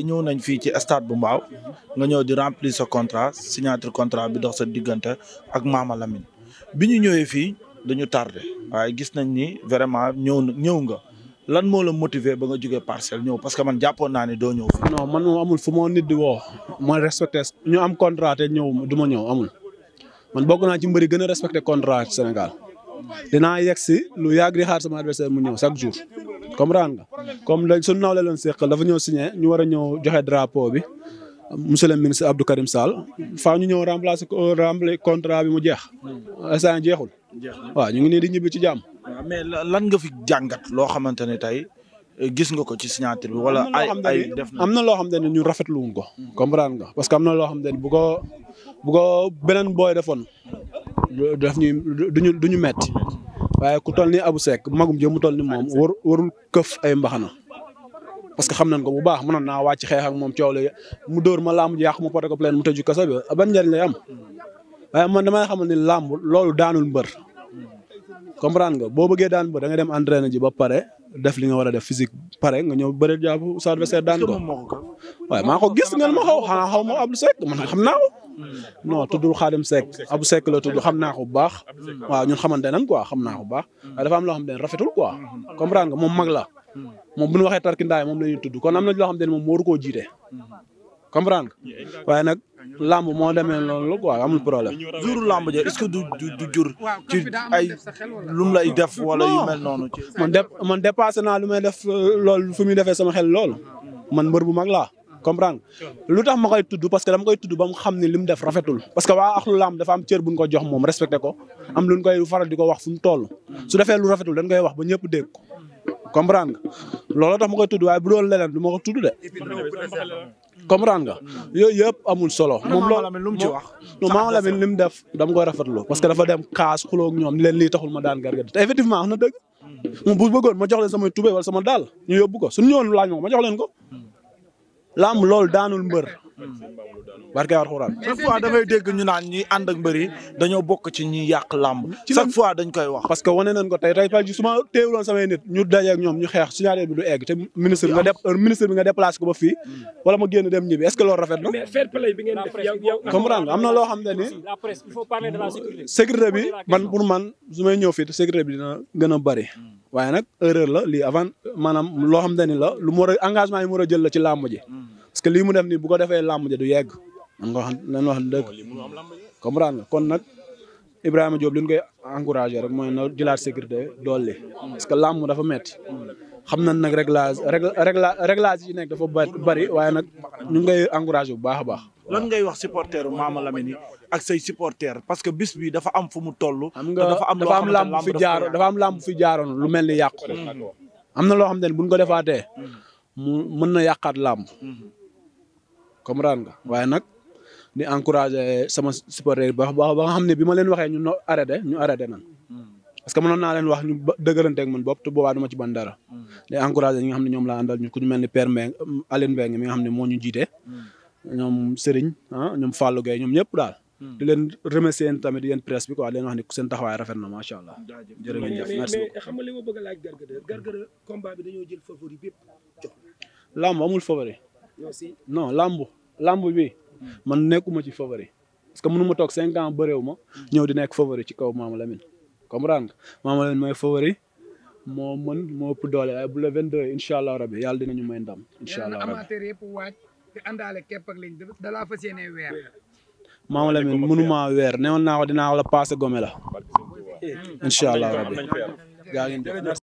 ñëw nañ fii ci stade bu mbaaw nga ñëw di remplir sa contrat signature contrat bi dox sa diggante ak Mama Lamine bi ñu ñëwee fii dañu tardé waaye gis nañ ni vraiment ñëw ñëw nga lan moo la motiver ba nga jógee parcelle ñëw parce que man jàppoon naa ne doo ñëw fii. non man moom amul fu moo nit di woo ma respecté ñu am contrat te ñëw du ma ñëw amul man bokk naa ci mbëri gën a respecté contrat Sénégal dinaa yegg si lu yàgg di xaar sama adversaire mu ñëw chaque jour. comprendre nga comme léegi suñu nawle leen seqal dafa ñëw signé ñu war a ñëw joxe drapeau bi monsieur le ministre Abdou Karim Sall faa ñu ñëw remplacer ko euh, remplacer contrat bi mu jeex. instant jeexul. waaw ñu ngi nii di ñibbi ci jàmm. mais lan nga fi jàngat loo xamante ne tey euh, gis nga ko ci signature bi wala ay ay def na am na loo xam ne ñu rafetlu wuñ ko. comprendre nga parce que am na loo xam ne bu ko ko beneen booy defoon daf du ñu metti waaye ku toll ni abu Seck magum jëm mu toll ni moom war warul këf ay mbaxana parce que xam nañ ko bu baax mënoon naa wàcc xeex ak moom coow la mu dóor ma làmb ji mu poté ko plein mu tëju kaso bi ban njëriñ lay am waaye man damay xamal ni làmb loolu daanul mbër comprendre nga boo bëggee daan mbër da nga dem entraîné ji ba pare def li nga war a def physique pare nga ñëw bëre jàpp sa adversaire daan ko waaye maa ko gis ngeen ma xaw xanaa xaw ma Abou Seck man xam naa Mm. non tuddul seek Seck Abu Seck la tudd xam naa ko bu baax waaw ñun xamante nan ko xam naa ko bu baax mm. waaye am loo xam ne rafetul quoi mm. comprendre nga moom mag la moom bu ñu waxee tarkindaay moom la ñuy tudd kon am na loo xam ne moom moo war koo jiite comprendre waaye nag lamb moo demee noonu la quoi amul problème. juru lamb ja est-ce que du du jur ci ay lum lay def wala yu mel man de man dépassé naa lu may def euh, lool fu muy defee sama xel lool man mbër bu mag laa. comprendre lu tax ma koy tudd xam ne li mu def rafetul parce que waa di ko wax fu mu toll su defee lu ba ñëpp dégg ko comprendre nga looloo tax ma koy tudd waaye bu doon leneen du ma ko tudd de comprendre nga yooyu yëpp amul solo moom loolu lu mu wax non def dama koy rafetlu parce que dafa dem kaas xuloo ak ñoom leen lii taxul ma daan garga te effectivement wax na dëgg mm-hmm. moom bu bëggoon ma jox leen samay tubéy wala sama daal ñu yóbbu ko suñu ñëwoon laaj ma ma jox leen ko làmb lool daanul mbër. Hmm. barke alxuraan chaque fois damay dégg ñu naan ñuy ànd ak mbër dañoo bokk ci ñuy yàq làmb chaque fois dañ koy wax parce que wane nañ ko tey tey fal ji su ma téewuloon samay nit ñu dajeeg ñoom ñu xeex signaler bi du egg te ministre bi nga def euh, ministre bi nga déplacé ko ba fii hmm. wala ma génn dem ñibbi est ce que loolu rafet na mais fair play am na loo xam ne ni la presse il faut parler de la sécurité sécurité bi man pour man su may ñëw fii sécurité bi dina gën a bëri hmm. waaye nag erreur la lii avant maanaam loo xam ne ni la lu mu war engagement yi mu war a jël la ci làmb ji. Mm-hmm. parce que lii mu def nii bu ko defee làmb ji du yegg. man nga wax lan wax dëgg oh, comprendre nga kon nag Ibrahima Diop li ñu koy encouragé rek mooy na jëlaat sécurité dolli. Mm-hmm. parce que làmb dafa metti mm-hmm. xam nañ nag réglage régla réglage yi nekk dafa bari waaye nag ñu ngi koy encouragé bu baax a baax. lan ngay wax supporteru Mama Lamine yi ak say supporter parce que bis bi dafa am fu mu toll. dafa am dafa am làmb fi jaar dafa am làmb fi jaaroon lu mel ni yàqu. Mm. am na loo xam ne buñ ko defaatee. Mm. mu mën na yàqaat làmb. Mm. comprendre nga waaye nag di encourager sama supporter ba ba nga xam ne bi ma leen waxee ñu no arrêté ñu arrêté nan parce que mënoon naa leen wax ñu dëgërante ak man bopp te boobaa duma ci ban dara. di encourager ñi nga xam ne ñoom laa àndal ñu ku ñu mel ni Père Mbengue Aline Mbengue mi nga xam ne moo ñu jiite. ñoom Serigne ah ñoom Fallou ñoom ñëpp daal. Hmm. di leen remercier tamit yéen presse bi quoi di leen wax ni seen taxawaay rafet na macha allah. jërë ngeen jëf merci beaucoup mais xam nga a laaj Garga de Garga de combat bi dañoo jël favori bépp jox lamb lamb lamb bi man nekkuma ci favori. parce que mënu ma toog cinq ans bëréew ma ñëw di nekk favori ci kaw Mama Lamine comprendre nga Mama Lamine mooy favori moo mën moo ëpp doole waaye bu la 22 incha allah rabi yàlla dinañu may ndam. incha allah rabi te àndaale képp ak liñ da laa fas yéenee weer. maama Lamine mënuma weer newoon naa ko dinaa la paase gome la. incha rabbi gaa ngi